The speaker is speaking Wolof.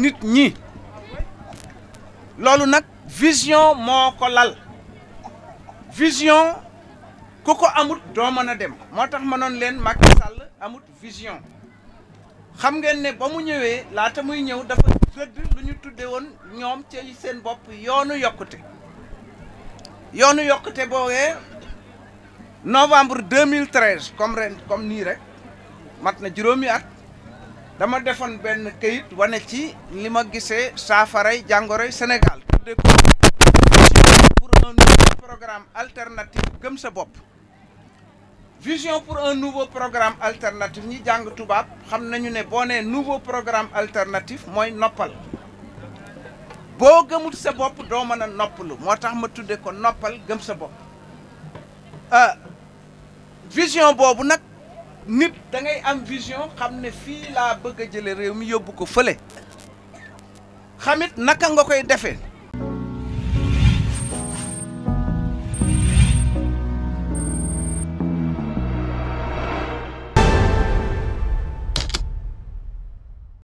nit ñi lolu nak vision mon vision coco amut do meuna dem motax manon len Sall amut vision xam ngeen ne ba mu la nous dafa tudde ci seen yoonu yoonu novembre 2013 comme comme ni rek mat at dama defoon ben keuyit wané ci lima gissé safaray jangoray Sénégal pour un nouveau programme alternatif gëm sa bop vision pour un nouveau programme alternatif ñi jang tubaab xam nañu ne boo nouveau programme alternatif moy noppal bo gëmul sa bop do mëna a motax ma tuddé ko noppal gëm sa bop bopp vision bobu nak nit da ngay am vision xam fi la bëgg a réew mi yóbbu ko fële xamit naka nga koy défé